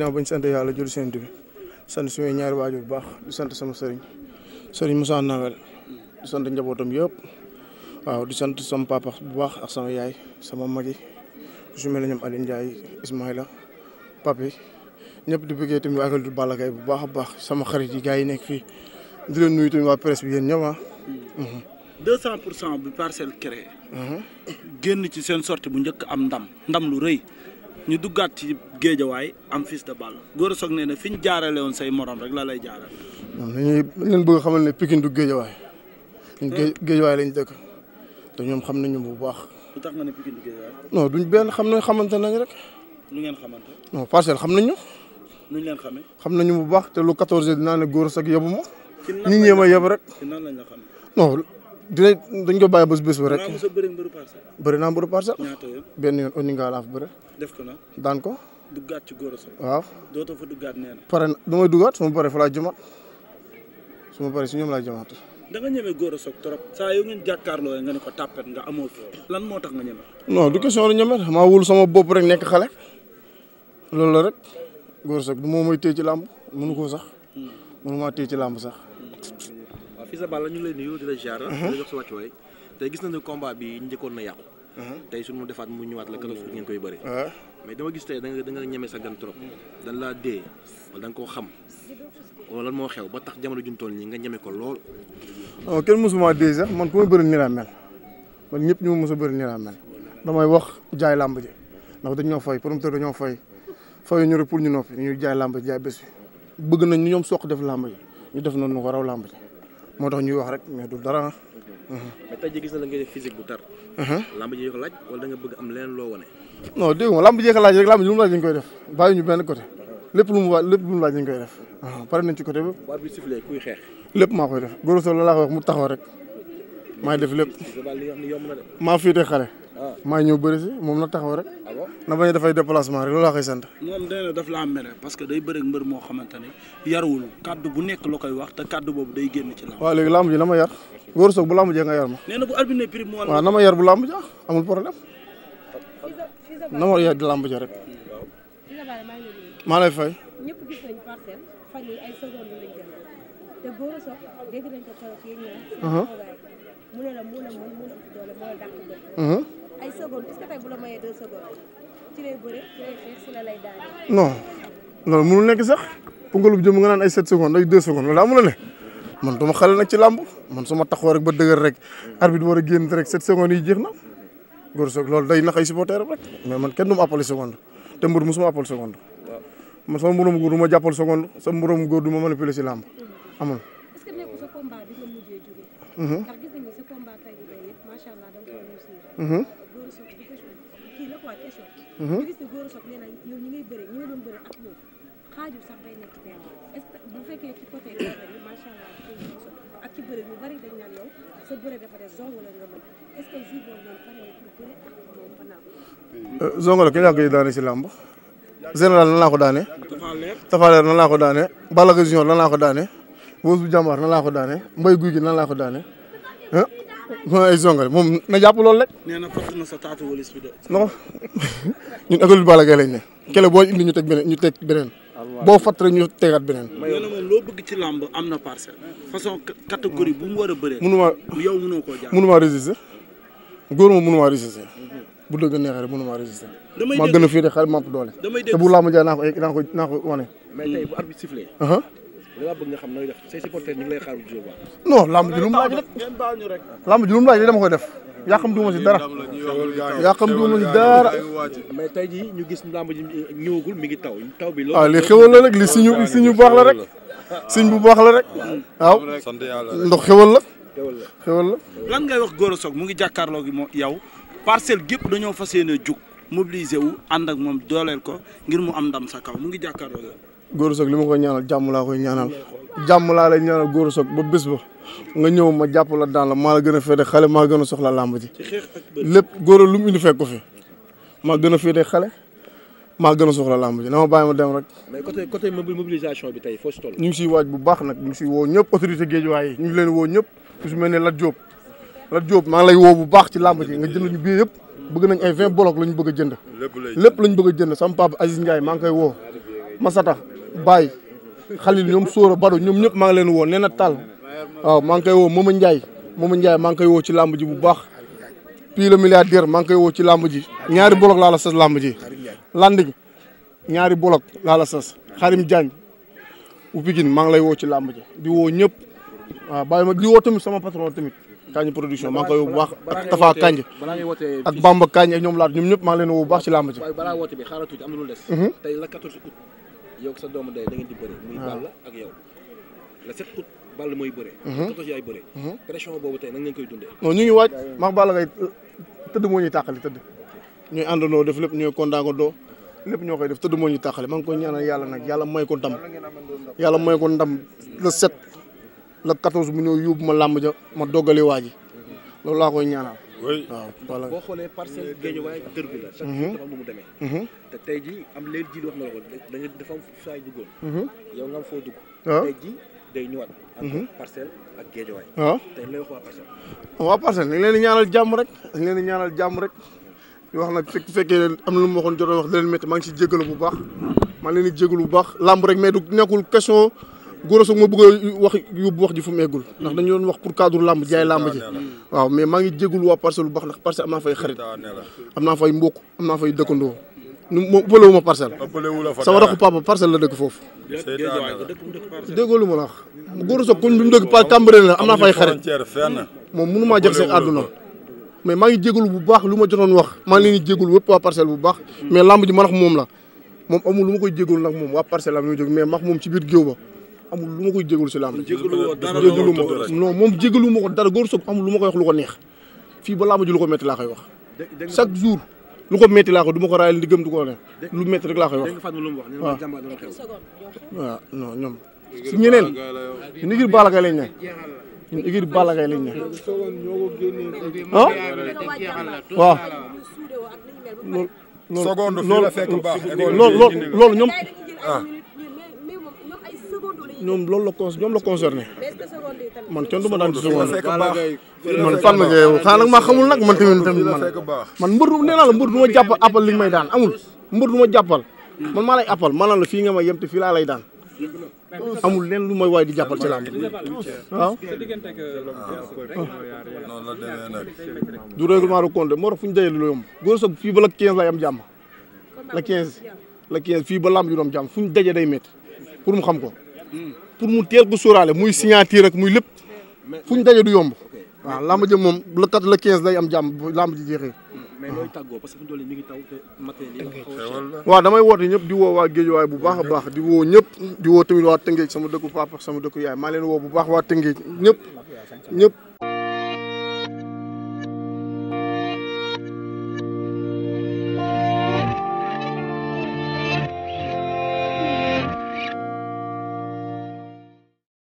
ginnaaw bañ sant yàlla jël seen bi sant suñu ñaari waajur bu baax di sant sama sëriñ sëriñ Moussa Nawel di sant njabootam yëpp waaw di sant sama papa bu baax ak sama yaay sama mag yi su mel ne ñoom Aliou Ndiaye Ismaïla Papi ñëpp di bëggee tamit waa du Balla Gaye bu baax a baax sama xarit yi nekk fii di leen nuyu tamit waa presse bi yéen ñëpp ah. 200 pour cent bu parcelle mhm. génn ci seen sortie bu njëkk am ndam ndam lu rëy. ñu duggaat ci géejawaay am Fils de Balla Gora nee na fi ñu jaarale woon say morom rek laa lay jaaral. waaw dañuy leen bëgg xamal ne Pikine du géejawaay. ñun géejawaay lañ dëkk te ñoom xam nañu bu baax. lu tax nga ne Pikine du géejawaay. duñ benn xam nañ xamante nañ rek. lu ngeen xamante. non parcelle xam nañu ñu. nuñ leen xamee. xam nañu bu baax te lu 14 dinaa ne Gora Sock yebu ma. ci ñee ma yeb rek. ci la ñu la xamee. dinañ dañ ko bàyyi bés bés ba rek. bëri naa mbëru parcelle. ñaata benn yoon au niveau laa fa bëre. def ko na daan ko. duggaat ci góor a waaw dootoo fa duggaat nee na. pare may duggaat su ma paree fa laa jëmaat su ma paree si ñoom laa jëmaat. da nga ñeme góor a soog trop saa yu ngeen jàkkaarloo nga ne ko tàppet nga amoo fi lan moo tax nga ñeme. non du question la ñeme maa wul sama bopp rek nekk xale loolu rek góor a soog du moom mooy téye ci làmb mënu ko sax hmm. mënu maa téye ci làmb sax. Fils de Balla ñu ngi lay nuyu di la ziar. di uh-huh. la jox sa wàccuwaay tey gis nañu combat bi njëkkoon na yàqu. Uh-huh. tey suñu defaat la kala suuf uh-huh. koy bëri. mais dama gis tey da nga da nga ñeme sa gan trop. dañ laa dee wala da koo xam wala lan moo xew ba tax jamono juñ toll nii nga ñeme ko lool. non oh, kenn mosuma dee man ku bëri nii laa mel man ñëpp ñu ma a bëri nii laa mel damay wax jaay làmb ji ndax dañoo fay promoteur dañoo fay fay ñu rek pour ñu noppi ñu jaay làmb ji jaay bés bi bëgg nañ ñoom soq def làmb ji ñu def noonu ñu ko raw làmb ji moo tax ñuy wax rek mais du dara. mais tey jii gis na la def physique bu tar. Uh-huh. lamb ji ko laaj wala da bëgg am leen loo wane. non dégg nga lamb ji ko laaj rek lamb ji mu laaj dañ koy def bàyyi ñu benn côté lépp lu mu wa lépp lu mu laaj dañ koy def waaw uh-huh. pare nañ ci côté ba. waa bi lépp maa koy def góor soo la laa ko wax mu taxaw rek maay def lépp. maa féete xale. maa ñëw bëri si moom na taxaw rek. Ah na bañ dafay déplacement rek loolu laa koy sant. moom nee na daf laa mere parce que day bëri mbër moo xamante ne yarul kaddu bu nekk la koy wax te kaddu boobu day génn ci lamb. waaw léegi lamb ji na ma yar góor soog bu lamb jee nga yar ma. nee na bu albiné prix ma yar bu lamb ja amul ma yar di lamb ja rek. maa lay fay. mu ne la mu ne mën mu ne doole moo la dàq mhm. ay secondes est-ce que tey bu la mayee deux secondes ci lay bëre ci lay loolu mënul nga naan ay sept secondes ay deux secondes loolu amul ne man duma xale nag ci làmb man su ma taxoo rek ba dëgër rek arbitre war a génn rek sept secondes yi jeex na góor soog loolu day nax ay supporter rek mais man kenn du ma appelé seconde te mbër mosuma appelé seconde. man sama moromu góor du ma jàppal seconde sama moromu góor du ma manipuler si làmb amul. macha allah da nga ko doon góor soog du question kii la quoi question. ñu mhm. gis ne góor soog nee na yow ñi ngay bëre ñi nga doon bëre ak moom xaajul sax day nekk benn est ce que bu fekkee ci côté góor yi macha allah ak ci bëre yu bari dañ naan yow sa bëre dafa def zong la nga mën est ce que jour boobu noonu pare nga pour bëre ak moom ba naaw. Euh, zong la ki laa koy daane si làmb. général nan laa ko daane. Tafaleer nan laa ko daane. Balla Gaye Junior nan laa ko daane. Woosu Jàmbaar nan laa ko daane. Mbay Guy gi nan laa ko daane. moom na jàpp loolu rek. nee na fàttali na sa lañ ne. kele boo indi ñu teg beneen ñu boo fàtt ñu tegaat beneen. nee na moom na parcelle. façon a bëree. góor moom mënuma résister. bu dëgg neexee rek mënuma résister. damay dégg gën a féete xel ma am doole. damay dégg te bu làmb jaay naa ko wane. dama bëgg nga xam nooy def say supporters ñu ngi lay xaar bu Diop non lamb ji lu mu laaj rek lamb ji lu mu laaj rek dama koy def yàqam duuma si dara yàqam duuma si dara mais tey jii ñu gis lamb ji ñëwagul mi ngi taw taw bi waaw ah, li xewal la rek li suñu suñu baax la rek suñ bu baax la rek waaw ndox xewal la xewal la lan ngay wax Gora Sock mu ngi jàkkaarloo gi moo yow parcelle gépp dañoo fas yéene jug mobiliser wu ànd ak moom dooleel ko ngir mu am ndam sa kaw mu ngi jàkkaarloo góor Sock li ma koy ñaanal jàmm laa koy ñaanal jàmm laa lay ñaanal Gora Sock ba bés ba nga ñëw ma jàpp la daan la maa la gën a féete xale maa gën a soxla làmb ji lépp góor lu mu indi fekk ko fi maa gën a féete xale maa a soxla làmb na ma bàyyi ma dem rek. mais côté côté mobilisation bi tey foo si toll. ñu ngi siy waaj bu baax nag ñu ngi siy woo ñëpp autorité géejuwaay yi ñu ngi leen woo ñëpp ku si mel ne Lat Diop Lat Diop maa lay woo bu baax ci làmb ji nga jënd ñu biir yëpp bëgg nañ ay vingt bloc lañ bëgg a jënd lépp lañ bëgg a jënd sama papa Aziz Ndiaye maa ngi koy woo Masata Baye Khalil ñoom Sora Bado ñoom ñëpp maa ngi leen woo nee na Tall waaw maa ngi woo Momu Ndiaye Momu Ndiaye maa ngi koy woo ci làmb ji bu baax. Pii le milliardaire maa ngi koy woo ci làmb ji ñaari bolok laa la sas làmb ji Landing ñaari bolok laa la sas Xarim Diagne bu Pikine maa ngi lay woo ci làmb ji di woo ñëpp waaw bàyyi ma di woo tamit sama patron tamit. Kañ production maa ngi woo bu baax ak Tafa Kañ ak Bamba Kañ ak ñoom laat ñoom ñëpp maa leen woo bu baax ci làmb mhm. la 14 yow sa doomu day da ngeen di bëri. muy ah. Balla ak yow le 7 août Balla mooy bëre. Mhm. te tos yaay bëre. Mhm. pression boobu tey nan ngeen koy dundee. non ñu ngi waaj max Balla ngay tëdd moo ñuy tàqali tëdd ñooy àndandoo def lépp ñooy kondaanandoo lépp ñoo koy def tëdd moo ñuy tàqale maa ngi koy ñaanal yàlla nag yàlla may ko ndam yàlla may ko ndam le 7 le 14 mu ñëw yóbbu ma làmb ja ma doggali waa ji loolu laa koy ñaanal. oui waaw ah, boo xoolee parcelle Guédiawaye dër bi la. Mhm. chaque jour dafa am lu mu demee. Mhm. te tey jii am léegi ji da nga dafa am saa yu duggoon. Mhm. yow nga am foo ah. ah. waa parcelle. waa leen ñaanal jàmm rek ñu leen di ñaanal jàmm rek. wax nag fekk fekkee am na lu ma waxoon jot a wax leen métti maa si jégalu bu baax maa leen di bu baax làmb rek mais du nekkul question Gora Sock ma bëgg a wax yóbbu wax ji fu mu ndax dañu doon wax pour cadre làmb jaay làmb ji waaw mais maa ngi jégul waa parcelle bu baax ndax parcelle am naa fay xarit am naa fay mbokk am naa fay dëkkandoo nu moom ëppale wu ma parcelle sama raxu papa parcelle la dëkk foofu déggoo lu ma la wax Gora Sock kon bi mu dëkk Cambérène la am naa fay xarit moom mënu maa jaxase àdduna mais maa ngi bu baax lu ma jotoon wax maa ngi leen di parcelle bu baax mais làmb ji man moom la moom amul lu ma koy jégalu nag moom waa parcelle am ñoo jóg mais max moom ci biir géew ba amul lu ma koy jégalu si lamb jégalu ma non moom jégalu ma ko dara góor soog amul lu ma koy wax lu ko neex fii ba lamb ji lu ko metti laa koy wax chaque jour lu ko metti laa ko du ma ko raayal ndigam du ko ne lu metti rek laa koy wax waaw waaw non ñoom si ñeneen ñu ngir Balla Gaye lañ ne ñun igir Balla Gaye lañ ne ah waaw loolu loolu loolu ñoom ñoom loolu la con ñoom la concerné man kenn du ma daan ci seconde man fan nga yow xanaa xamul nag man tamit man man mbër nee naa du ma jàpp appal li may daan amul mbër du ma jàppal man maa appal maanaam la fii nga ma yem te fii laa lay daan amul leen lu may waay di jàppal ci làmb waaw du règlement de compte moo fu ñu dajee lu yomb góor soog fii ba la quinze lay am jàmm la quinze la quinze fii ba làmb ju doom jàmm fu ñu dajee day métti pour mu xam ko pour mu teel ko sóoraale muy signature rek muy lépp fu ñu daje du yomb. waaw làmb ji moom le quatre la quinze lay am jàmm bu làmb ji jeexee. mais looy tàggoo parce mi ngi taw te matériel yi waaw damay woote ñëpp di woo waa Géejawaay bu baax a baax di woo ñëpp di woo tamit waa Tëngéej sama dëkku papa sama dëkk yaay maa leen woo bu baax waa Tëngéej ñëpp ñëpp.